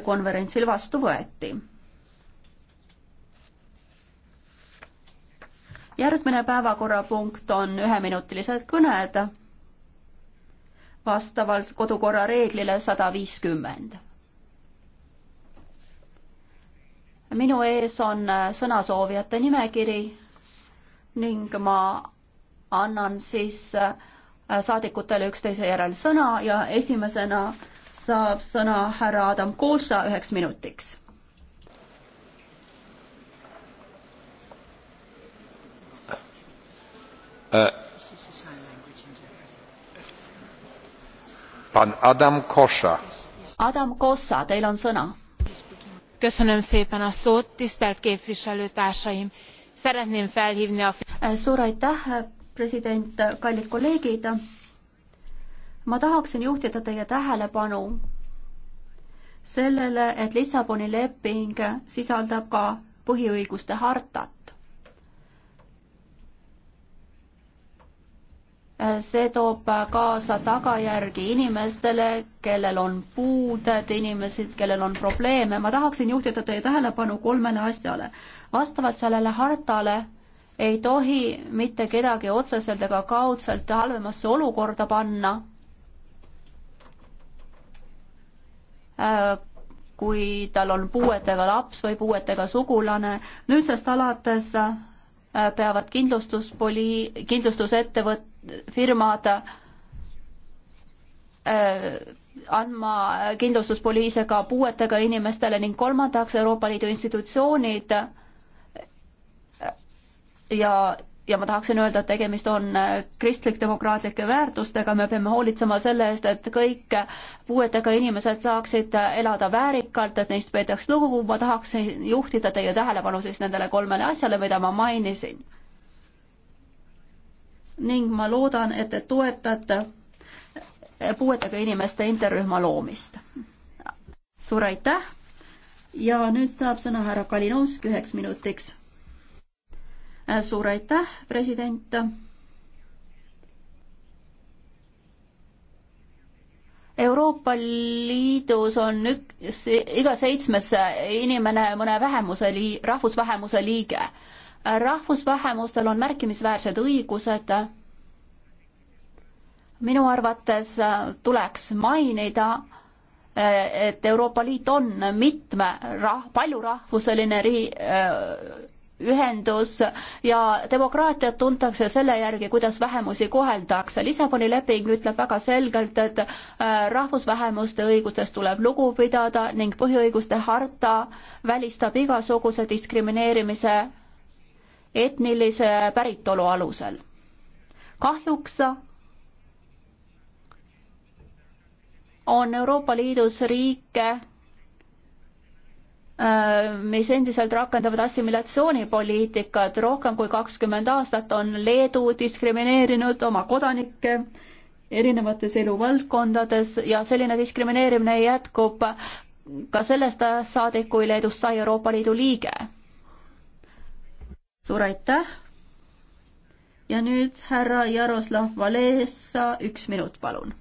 konverentsil vastu võeti. järgmine päevakorrapunkt on üheminutilised kõned vastavalt kodukorra reeglile sada viiskümmend. minu ees on sõnasoovijate nimekiri ning ma annan siis saadikutele üksteise järel sõna ja esimesena saab sõna härra Adam Koosa üheks minutiks. Äh, pan Adam Kosa. Adam Kosa, teil on sõna. Köszönöm szépen a szót, tisztelt képviselőtársaim! Szeretném felhívni a... Suur aitäh, president, kallid kolleegid! ma tahaksin juhtida teie tähelepanu sellele, et Lissaboni leping sisaldab ka põhiõiguste hartat. see toob kaasa tagajärgi inimestele, kellel on puuded, inimesed, kellel on probleeme. ma tahaksin juhtida teie tähelepanu kolmele asjale. vastavalt sellele hartale ei tohi mitte kedagi otseselt ega kaudselt halvemasse olukorda panna Äh, kui tal on puuetega laps või puuetega sugulane. nüüdsest alates äh, peavad kindlustuspoli-, kindlustusettevõt-, firmad äh, andma kindlustuspoliise ka puuetega inimestele ning kolmandaks Euroopa Liidu institutsioonid ja ja ma tahaksin öelda, et tegemist on äh, kristlik-demokraatlike väärtustega, me peame hoolitsema selle eest, et kõik puuetega inimesed saaksid äh, elada väärikalt, et neist peetaks lugu, ma tahaksin juhtida teie tähelepanu siis nendele kolmele asjale, mida ma mainisin. ning ma loodan, et te toetate äh, puuetega inimeste interrühma loomist. suur aitäh ja nüüd saab sõna härra Kalinovski üheks minutiks suur aitäh, president. Euroopa Liidus on üks, iga seitsmes inimene mõne vähemuse lii-, rahvusvähemuse liige. rahvusvähemustel on märkimisväärsed õigused minu arvates tuleks mainida, et Euroopa Liit on mitme rah-, paljurahvuseline ri-, ühendus ja demokraatiat tuntakse selle järgi, kuidas vähemusi koheldakse. Lissaboni leping ütleb väga selgelt, et äh, rahvusvähemuste õigustest tuleb lugu pidada ning põhiõiguste harta välistab igasuguse diskrimineerimise etnilise päritolu alusel. kahjuks on Euroopa Liidus riike, Äh, mis endiselt rakendavad assimilatsioonipoliitikat. rohkem kui kakskümmend aastat on Leedu diskrimineerinud oma kodanikke erinevates eluvaldkondades ja selline diskrimineerimine jätkub ka sellest ajast saadik, kui Leedust sai Euroopa Liidu liige. suur aitäh. ja nüüd härra Jaroslav Valesa, üks minut, palun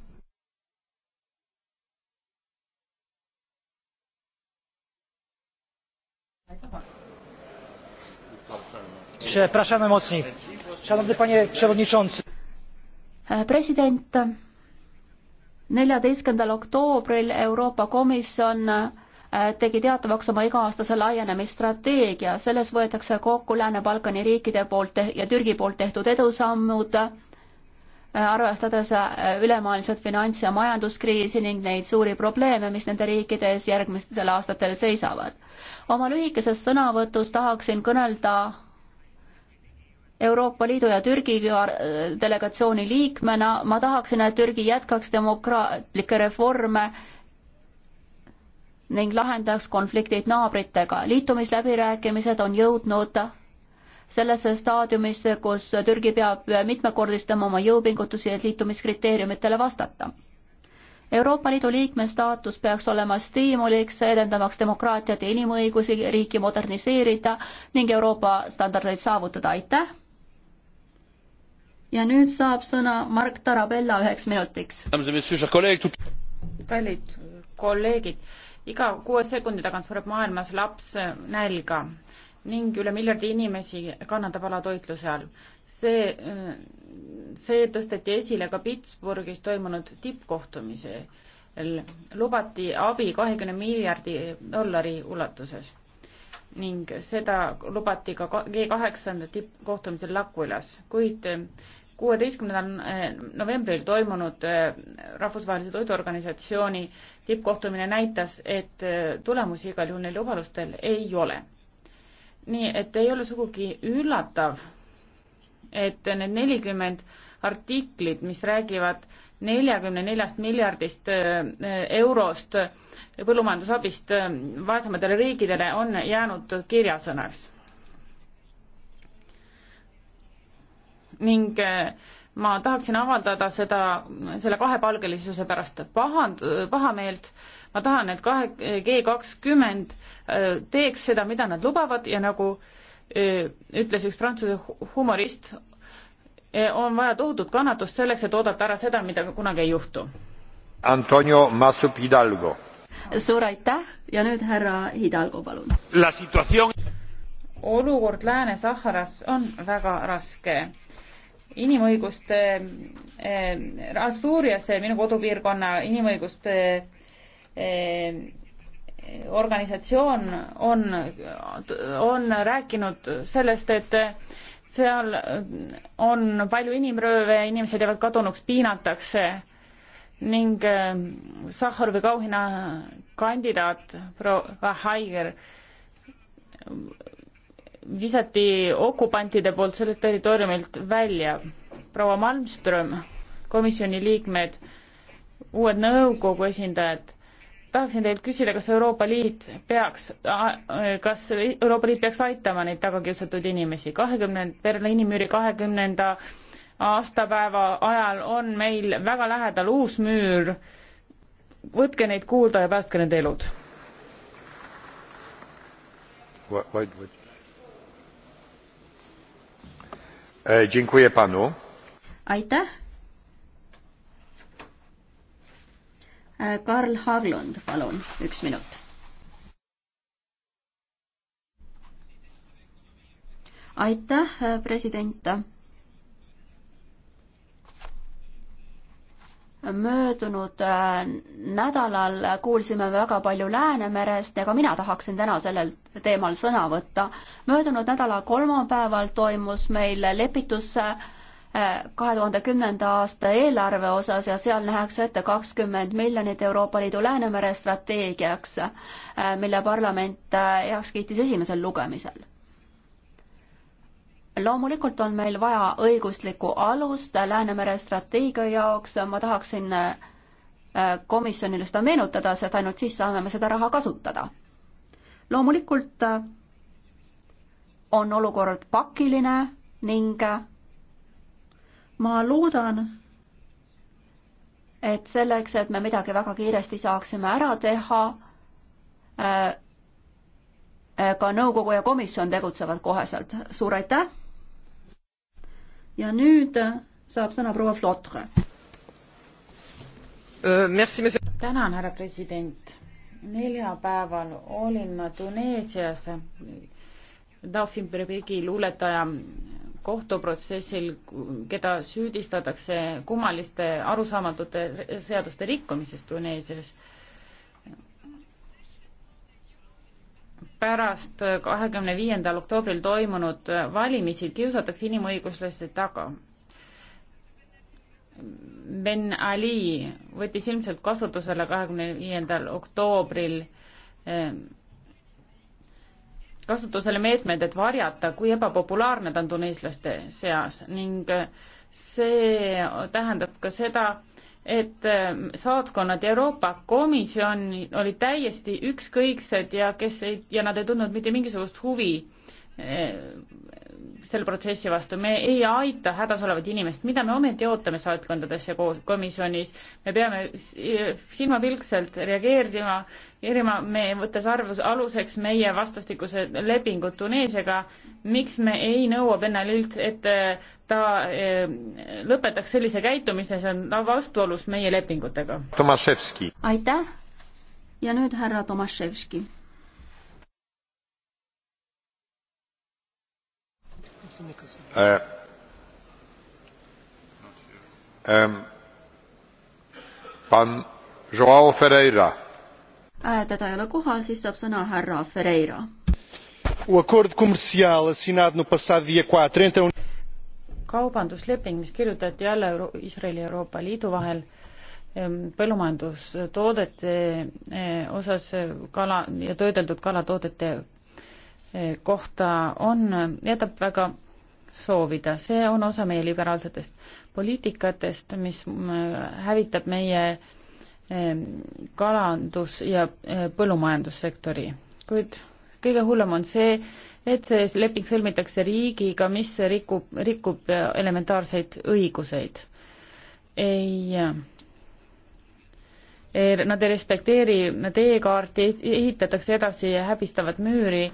president, neljateistkümnendal oktoobril Euroopa Komisjon eh, tegi teatavaks oma iga-aastase laienemisstrateegia, selles võetakse kokku Lääne-Balkani riikide poolt ja Türgi poolt tehtud edusammud Äh, arvestades äh, ülemaailmset finants- ja majanduskriisi ning neid suuri probleeme, mis nende riikide ees järgmistel aastatel seisavad. oma lühikeses sõnavõtus tahaksin kõnelda Euroopa Liidu ja Türgi äh, delegatsiooni liikmena, ma tahaksin, et Türgi jätkaks demokraatlikke reforme ning lahendaks konfliktid naabritega. liitumisläbirääkimised on jõudnud sellesse staadiumisse, kus Türgi peab mitmekordistama oma jõupingutusi, et liitumiskriteeriumitele vastata. Euroopa Liidu liikme staatus peaks olema stiimuliks, edendamaks demokraatiat ja inimõigusi, riiki moderniseerida ning Euroopa standardeid saavutada, aitäh! ja nüüd saab sõna Mark Tarabella üheks minutiks. kallid kolleegid, iga kuue sekundi tagant sureb maailmas laps nälga ning üle miljardi inimesi kannatab alatoitluse all. see, see tõsteti esile ka Pittsburghis toimunud tippkohtumisel. lubati abi kahekümne miljardi dollari ulatuses ning seda lubati ka G kaheksanda tippkohtumisel Lakulas, kuid kuueteistkümnendal eh, novembril toimunud eh, Rahvusvahelise Toiduorganisatsiooni tippkohtumine näitas, et eh, tulemusi igal juhul neil lubadustel ei ole nii et ei ole sugugi üllatav, et need nelikümmend artiklit, mis räägivad neljakümne neljast miljardist äh, eurost põllumajandusabist äh, vaesematele riikidele, on jäänud kirjasõnaks. ning äh, ma tahaksin avaldada seda, selle kahepalgelisuse pärast pahand-, pahameelt, ma tahan, et kahe, G kakskümmend äh, teeks seda, mida nad lubavad ja nagu äh, ütles üks prantsuse humorist, äh, on vaja tohutut kannatust selleks, et oodata ära seda, mida kunagi ei juhtu. Antonio Massup Hidalgo. suur aitäh ja nüüd härra Hidalgo, palun. Situación... olukord Lääne-Saharas on väga raske inimõiguste äh, Asturias, eh, minu kodupiirkonna inimõiguste äh, organisatsioon on, on rääkinud sellest, et seal on palju inimrööve, inimesed jäävad kadunuks, piinatakse ning Sahharovi kauhinna kandidaat proua Haiger visati okupantide poolt sellelt territooriumilt välja. proua Malmström, komisjoni liikmed, uued nõukogu esindajad, tahaksin teilt küsida, kas Euroopa Liit peaks, kas Euroopa Liit peaks aitama neid tagakiusatud inimesi, kahekümne, Berliini müüri kahekümnenda aastapäeva ajal on meil väga lähedal uus müür, võtke neid kuulda ja päästke nende elud. What, what, what? E, aitäh. E, Karl Haglund, palun, üks minut. aitäh, president möödunud äh, nädalal kuulsime väga palju Läänemerest ja ka mina tahaksin täna sellel teemal sõna võtta. möödunud nädala kolmapäeval toimus meil lepitus äh, kahe tuhande kümnenda aasta eelarve osas ja seal nähakse ette kakskümmend miljonit Euroopa Liidu Läänemere strateegiaks, äh, mille parlament heaks kiitis esimesel lugemisel loomulikult on meil vaja õiguslikku alust Läänemere strateegia jaoks, ma tahaksin äh, komisjonile seda meenutada, sest ainult siis saame me seda raha kasutada. loomulikult äh, on olukord pakiline ning äh, ma loodan, et selleks, et me midagi väga kiiresti saaksime ära teha, ka nõukogu ja komisjon tegutsevad koheselt. suur aitäh! ja nüüd äh, saab sõna proua Flotre. Äh, tänan, härra president. neljapäeval olin ma Tuneesias Dafim Berbegi luuletaja kohtuprotsessil, keda süüdistatakse kummaliste arusaamatute seaduste rikkumises Tuneesias pärast kahekümne viiendal oktoobril toimunud valimisi kiusatakse inimõiguslasi taga. Ben Ali võttis ilmselt kasutusele kahekümne viiendal oktoobril ehm, kasutusele meetmed, et varjata, kui ebapopulaarne ta on tuneeslaste seas ning see tähendab ka seda, et ähm, saatkonnad ja Euroopa Komisjon olid täiesti ükskõiksed ja kes ei, ja nad ei tundnud mitte mingisugust huvi äh, selle protsessi vastu, me ei aita hädas olevat inimest, mida me ometi ootame saatkondades ja komisjonis, me peame silmapilkselt reageerima, erima, me võttes arvus, aluseks meie vastastikuse lepingud Tuneesiaga, miks me ei nõua Benalilt, et äh, ta äh, lõpetaks sellise käitumise, see on vastuolus meie lepingutega. aitäh ja nüüd härra Tomaševski Uh, um, pan Joao Ferreira. Eh, teda ei ole kohal, siis saab sõna härra Ferreira. O acordo comercial assinado no passado dia 4 entre kaubandusleping, mis kirjutati alla Euro Iisraeli ja Euroopa Liidu vahel põllumajandustoodete eh, osas kala ja töödeldud kalatoodete kohta on, jätab väga soovida, see on osa meie liberaalsetest poliitikatest, mis mm, hävitab meie kalandus- ja eh, põllumajandussektori, kuid kõige hullem on see, et see leping sõlmitakse riigiga, mis rikub, rikub eh, elementaarseid õiguseid. ei, ei, eh, er-, nad ei respekteeri teekaarti, ehitatakse edasi häbistavat müüri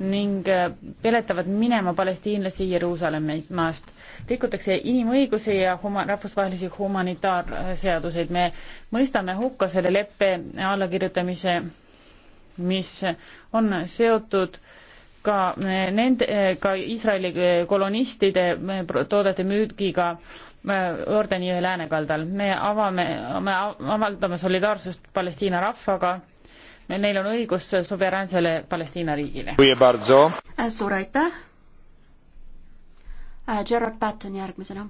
ning äh, peletavad minema palestiinlasi Jeruusalemmast. rikutakse inimõigusi ja huma-, rahvusvahelisi humanitaarseaduseid. me mõistame hukka selle leppe allakirjutamise, mis on seotud ka äh, nende, äh, ka Iisraeli kolonistide toodete müügiga Jordani jõe läänekaldal. me avame, me avaldame solidaarsust Palestiina rahvaga neil on õigus suveräänsele Palestiina riigile. Äh, suur aitäh. Äh, Gerard Patton järgmisena.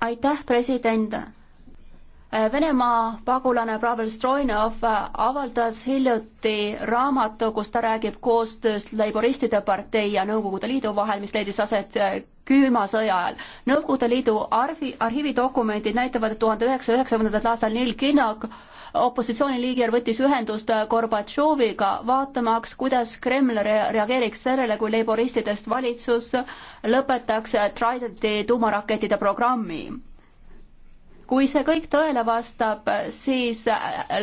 aitäh, president äh, Venemaa pagulane Pavel Strojnov avaldas hiljuti raamatu, kus ta räägib koostööst Leiboristide partei ja Nõukogude Liidu vahel, mis leidis aset külma sõja ajal. Nõukogude Liidu arvi, arhiividokumendid näitavad, et tuhande üheksasaja üheksakümnendatel aastal Neil Kinnog opositsiooniliiger võttis ühendust Gorbatšoviga, vaatamaks, kuidas Kreml reageeriks sellele, kui leiboristidest valitsus lõpetaks Tridenti tuumarakettide programmi kui see kõik tõele vastab, siis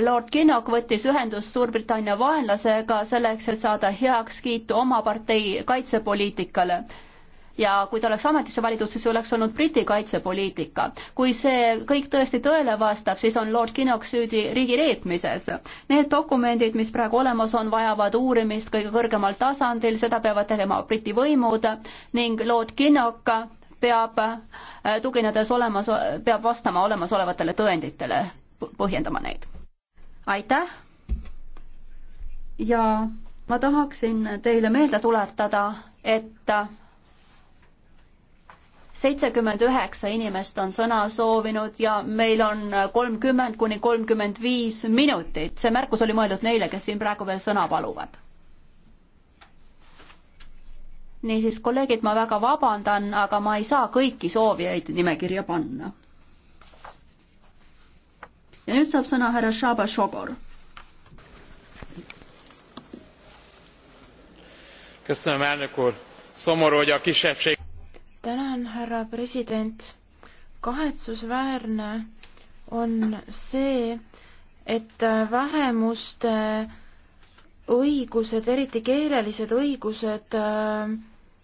lord Kinnock võttis ühendust Suurbritannia vaenlasega selleks, et saada heakskiitu oma partei kaitsepoliitikale ja kui ta oleks ametisse valitud, siis oleks olnud Briti kaitsepoliitika. kui see kõik tõesti tõele vastab, siis on Lord Kinnock süüdi riigireetmises. Need dokumendid, mis praegu olemas on, vajavad uurimist kõige kõrgemal tasandil, seda peavad tegema Briti võimud ning Lord Kinnock peab äh, tuginedes olemas, peab vastama olemasolevatele tõenditele, põhjendama neid. aitäh! ja ma tahaksin teile meelde tuletada, et seitsekümmend üheksa inimest on sõna soovinud ja meil on kolmkümmend kuni kolmkümmend viis minutit. see märkus oli mõeldud neile, kes siin praegu veel sõna paluvad. niisiis, kolleegid, ma väga vabandan, aga ma ei saa kõiki soovijaid nimekirja panna. ja nüüd saab sõna härra Shaba Shogor. köszönöm elnök úr szomorú hogy a kisebbség tänan, härra president. kahetsusväärne on see, et vähemuste õigused, eriti keelelised õigused äh,,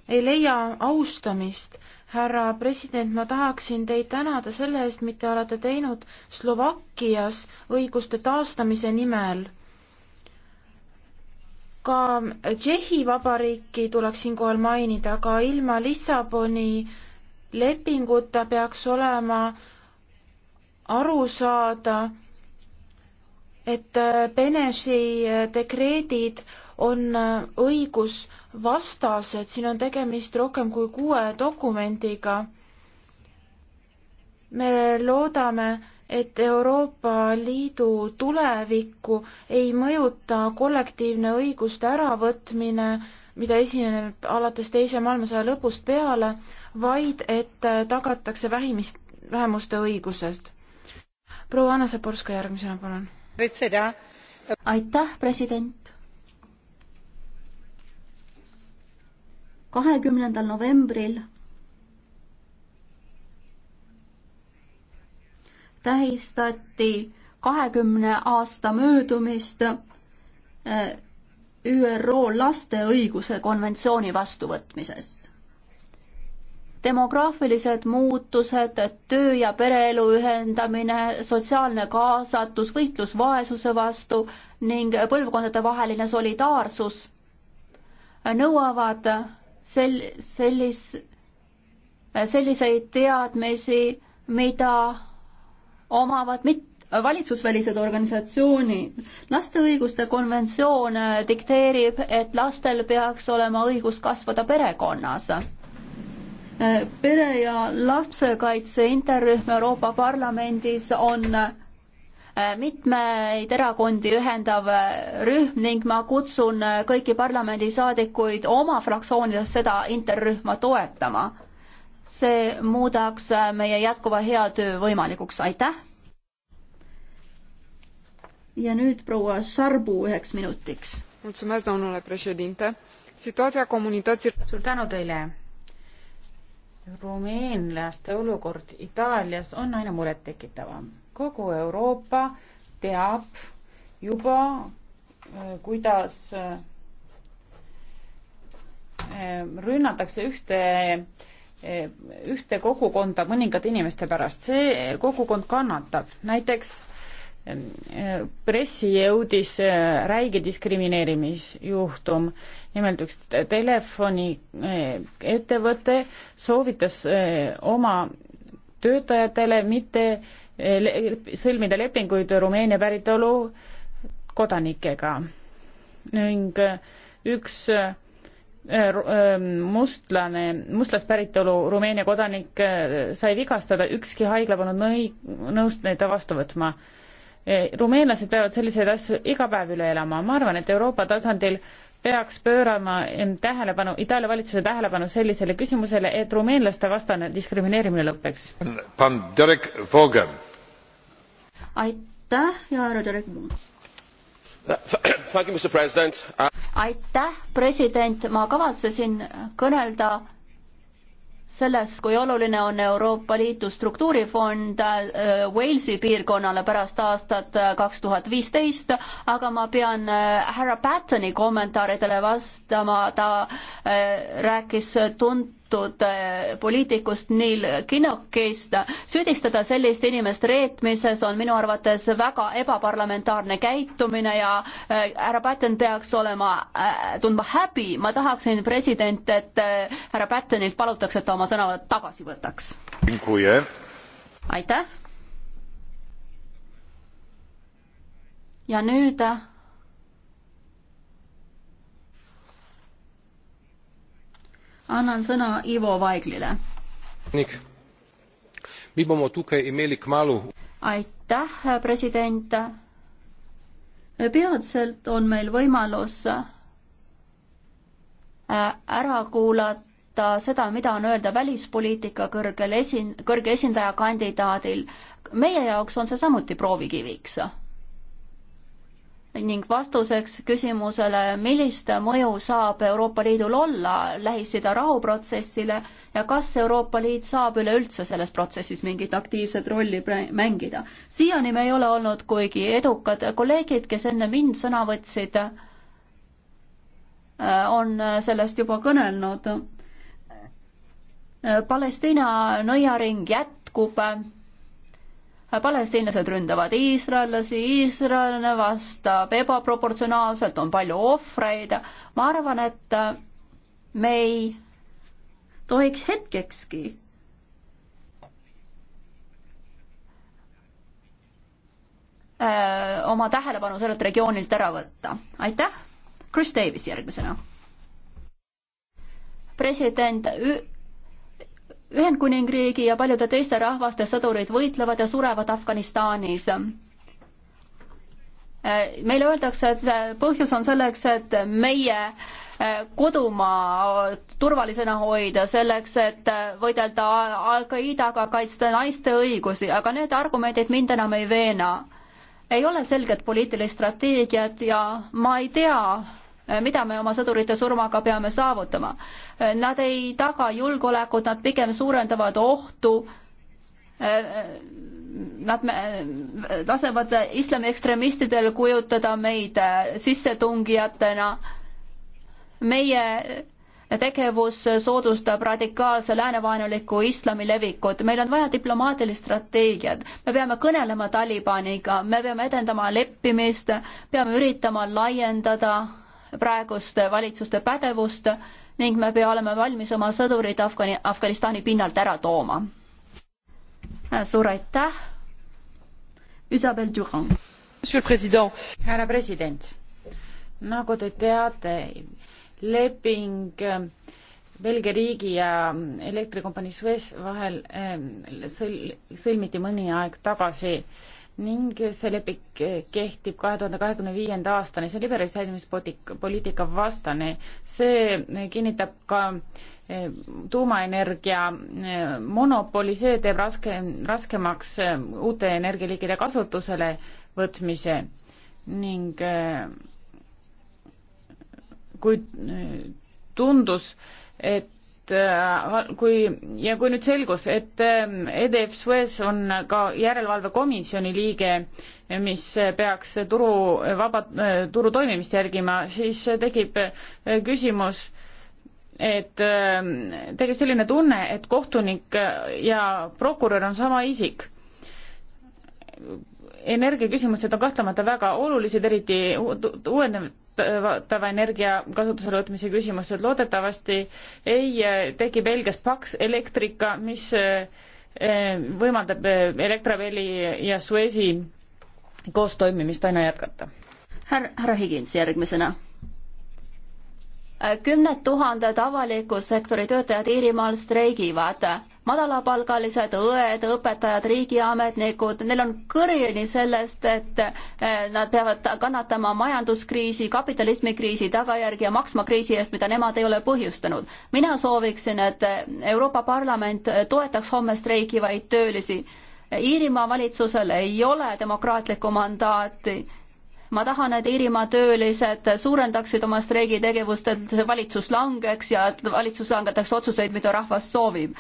ei leia austamist. härra president, ma tahaksin teid tänada selle eest, mida olete teinud Slovakkias õiguste taastamise nimel ka Tšehhi Vabariiki tuleks siinkohal mainida, aga ilma Lissaboni lepinguta peaks olema aru saada, et äh, Benesi äh, dekreedid on äh, õigusvastased, siin on tegemist rohkem kui kuue dokumendiga. me loodame, et Euroopa Liidu tulevikku ei mõjuta kollektiivne õiguste äravõtmine, mida esineb alates Teise maailmasõja lõpust peale, vaid et tagatakse vähimist, vähemuste õigusest. proua Anna Saborska järgmisena, palun. aitäh, president. kahekümnendal novembril tähistati kahekümne aasta möödumist äh, ÜRO laste õiguse konventsiooni vastuvõtmisest. demograafilised muutused, töö ja pereelu ühendamine, sotsiaalne kaasatus, võitlus vaesuse vastu ning põlvkondadevaheline solidaarsus nõuavad sel-, sellis-, selliseid teadmisi, mida omavad mit-, valitsusvälised organisatsioonid. laste õiguste konventsioon äh, dikteerib, et lastel peaks olema õigus kasvada perekonnas. Äh, pere ja lapsekaitse interrühm Euroopa Parlamendis on äh, mitmeid erakondi ühendav rühm ning ma kutsun kõiki parlamendisaadikuid oma fraktsioonides seda interrühma toetama see muudaks äh, meie jätkuva hea töö võimalikuks, aitäh. ja nüüd proua Sarbu üheks minutiks. suur tänu teile. rumeenlaste olukord Itaalias on aina murettekitavam. kogu Euroopa teab juba, äh, kuidas äh, rünnatakse ühte äh, ühte kogukonda mõningate inimeste pärast, see kogukond kannatab, näiteks pressi jõudis eh, räige diskrimineerimisjuhtum. nimelt üks telefoniettevõte eh, soovitas eh, oma töötajatele mitte sõlmida lepinguid Rumeenia päritolu kodanikega ning üks Äh, ähm, mustlane, mustlast päritolu Rumeenia kodanik äh, sai vigastada, ükski haigla polnud nõi-, nõus teda vastu võtma. Äh, rumeenlased peavad selliseid asju iga päev üle elama, ma arvan, et Euroopa tasandil peaks pöörama tähelepanu, Itaalia valitsuse tähelepanu sellisele küsimusele, et rumeenlaste vastane diskrimineerimine lõpeks. aitäh ja härra Derek Vogen! aitäh, president, ma kavatsesin kõnelda sellest, kui oluline on Euroopa Liidu struktuurifond äh, Walesi piirkonnale pärast aastat äh, kaks tuhat viisteist, aga ma pean äh, härra Pattoni kommentaaridele vastama, ta rääkis tunt-, tuntud eh, poliitikust Neil Kinnockist. süüdistada sellist inimest reetmises on minu arvates väga ebaparlamentaarne käitumine ja eh, härra Patten peaks olema, eh, tundma häbi. ma tahaksin, president, et härra Pattenilt palutakse, et ta oma sõnavõtt tagasi võtaks. aitäh. ja nüüd annan sõna Ivo Vaiglile. aitäh, president. peatselt on meil võimalus äh, ära kuulata kuulata seda, mida on öelda välispoliitika kõrgel esin-, kõrge esindaja kandidaadil. meie jaoks on see samuti proovikiviks ning vastuseks küsimusele, millist mõju saab Euroopa Liidul olla Lähis-Ida rahuprotsessile ja kas Euroopa Liit saab üleüldse selles protsessis mingit aktiivset rolli mängida. siiani me ei ole olnud kuigi edukad, kolleegid, kes enne mind sõna võtsid, äh, on sellest juba kõnelnud. Äh, Palestiina nõiaring jätkub palestiinlased ründavad iisraellasi, Iisrael vastab ebaproportsionaalselt, on palju ohvreid. ma arvan, et me ei tohiks hetkekski öö, äh, oma tähelepanu sellelt regioonilt ära võtta. aitäh, Chris Davis järgmisena president. president Ühendkuningriigi ja paljude teiste rahvaste sõdurid võitlevad ja surevad Afganistanis. meile öeldakse, et põhjus on selleks, et meie kodumaa turvalisena hoida, selleks, et võidelda Al-Qaidaga, kaitsta naiste õigusi, aga need argumendid mind enam ei veena. ei ole selget poliitilist strateegiat ja ma ei tea, Äh, mida me oma sõdurite surmaga peame saavutama. Äh, nad ei taga julgeolekut, nad pigem suurendavad ohtu. Äh, nad lasevad islami ekstremistidel kujutada meid sissetungijatena. meie tegevus soodustab radikaalse läänevaenuliku islami levikut. meil on vaja diplomaatilist strateegiat, me peame kõnelema Talibaniga, me peame edendama leppimist, peame üritama laiendada praeguste valitsuste pädevust ning me peame olema valmis oma sõdurid Afgani, Afganistani pinnalt ära tooma. suur aitäh. Isabel Durand. härra president, nagu te teate, leping ähm, Belgia riigi ja elektrikompanii Suez vahel ähm, sõl-, sõlmiti mõni aeg tagasi äh, ning see leping kehtib kahe tuhande kahekümne viienda aastani, see on liberaliseerimispoliitika vastane, see kinnitab ka eh, tuumaenergia eh, monopoli, see teeb raske, raskemaks eh, uute energialiikide kasutusele võtmise ning kui tundus, et et äh, kui ja kui nüüd selgus, et ähm, EDF Suez on ka järelevalvekomisjoni liige, mis peaks turu, vaba, äh, turu toimimist jälgima, siis tekib äh, küsimus, et ähm, tekib selline tunne, et kohtunik ja prokurör on sama isik energiaküsimused on kahtlemata väga olulised, eriti uuenev, taastuvatava energia kasutusele võtmise küsimused, loodetavasti ei eh, teki Belgias paks elektrika, mis eh, eh, võimaldab Elektriveli ja Suezi koostoimimist aina jätkata. härra, härra Higins järgmisena kümned tuhanded avaliku sektori töötajad Iirimaal streigivad madalapalgalised õed, õpetajad, riigiametnikud, neil on kõrini sellest, et eh, nad peavad kannatama majanduskriisi, kapitalismikriisi tagajärgi ja maksma kriisi eest, mida nemad ei ole põhjustanud. mina sooviksin, et Euroopa Parlament toetaks homme streikivaid töölisi. Iirimaa valitsusel ei ole demokraatlikku mandaati ma tahan, et Iirimaa töölised suurendaksid oma streigitegevust, et valitsus langeks ja et valitsus langetaks otsuseid, mida rahvas soovib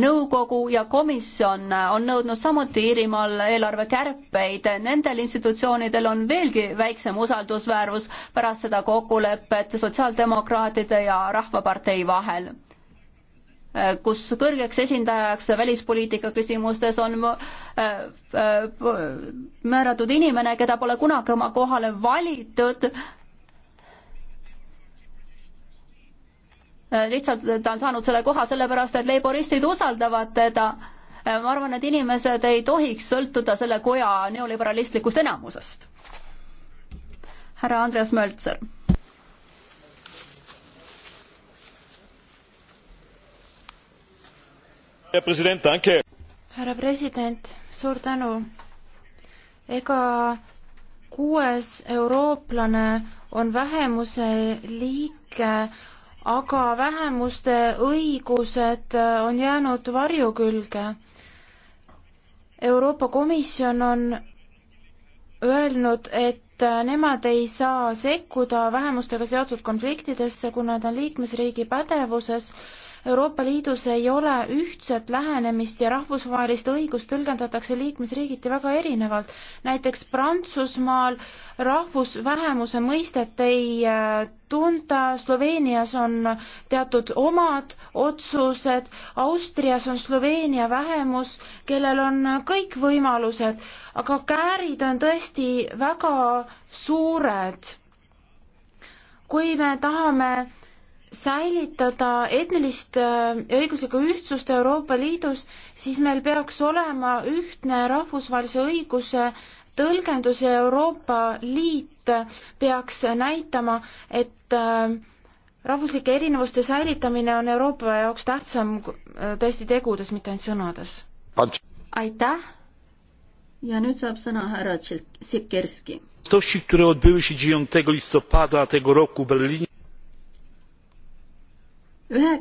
nõukogu ja komisjon on nõudnud samuti Iirimaal eelarvekärpeid, nendel institutsioonidel on veelgi väiksem usaldusväärus pärast seda kokkulepet sotsiaaldemokraatide ja Rahvapartei vahel kus kõrgeks esindajaks välispoliitika küsimustes on äh, äh, määratud inimene, keda pole kunagi oma kohale valitud Äh, lihtsalt ta on saanud selle koha sellepärast, et leiboristid usaldavad teda. Äh, ma arvan, et inimesed ei tohiks sõltuda selle koja neoliberalistlikust enamusest. härra Andreas Möltser. härra president, suur tänu. ega kuues eurooplane on vähemuse liige aga vähemuste õigused äh, on jäänud varjukülge. Euroopa Komisjon on öelnud, et äh, nemad ei saa sekkuda vähemustega seotud konfliktidesse, kui nad on liikmesriigi pädevuses Euroopa Liidus ei ole ühtset lähenemist ja rahvusvahelist õigust tõlgendatakse liikmesriigiti väga erinevalt. näiteks Prantsusmaal rahvusvähemuse mõistet ei äh, tunta, Sloveenias on teatud omad otsused, Austrias on Sloveenia vähemus, kellel on kõik võimalused, aga käärid on tõesti väga suured. kui me tahame säilitada etnilist ja äh, õiguslikku ühtsust Euroopa Liidus, siis meil peaks olema ühtne rahvusvahelise õiguse tõlgendus ja Euroopa Liit peaks näitama, et äh, rahvuslike erinevuste säilitamine on Euroopa jaoks tähtsam äh, tõesti tegudes, mitte ainult sõnades. aitäh! ja nüüd saab sõna härra Sikerski. Które odbyły się 9 listopada tego roku w Berlinie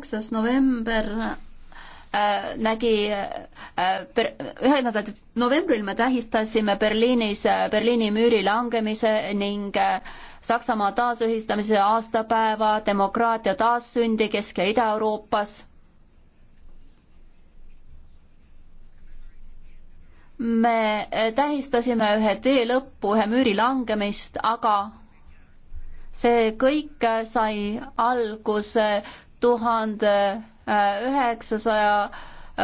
üheksas november äh, nägi, äh, ühendatud novembril me tähistasime Berliinis äh, Berliini müüri langemise ning Saksamaa taasühistamise aastapäeva, demokraatia taassündi Kesk- ja Ida-Euroopas. me tähistasime ühe tee lõppu, ühe müüri langemist, aga see kõik sai alguse tuhande üheksasaja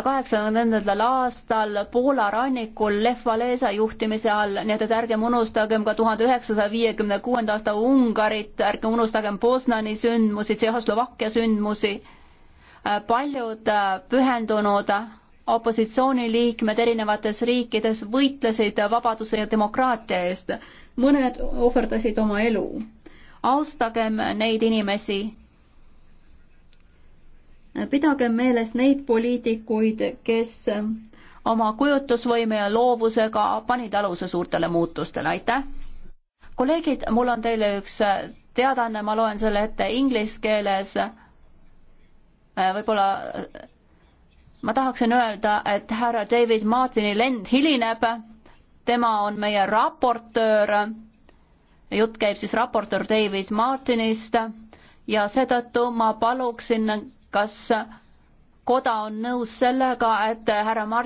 kaheksakümnendal aastal Poola rannikul Lech Walesa juhtimise all, nii et, et ärgem unustagem ka tuhande üheksasaja viiekümne kuuenda aasta Ungarit, ärgem unustagem Poznani sündmusi, Tšehhoslovakkia sündmusi. paljud pühendunud opositsiooniliikmed erinevates riikides võitlesid vabaduse ja demokraatia eest. mõned ohverdasid oma elu. austagem neid inimesi pidagem meeles neid poliitikuid, kes oma kujutusvõime ja loovusega panid aluse suurtele muutustele, aitäh! kolleegid, mul on teile üks teadaanne, ma loen selle ette inglise keeles. võib-olla ma tahaksin öelda, et härra David Martini lend hilineb, tema on meie raportöör, jutt käib siis raportöör David Martinist ja seetõttu ma paluksin kas koda on nõus sellega, et härra Mart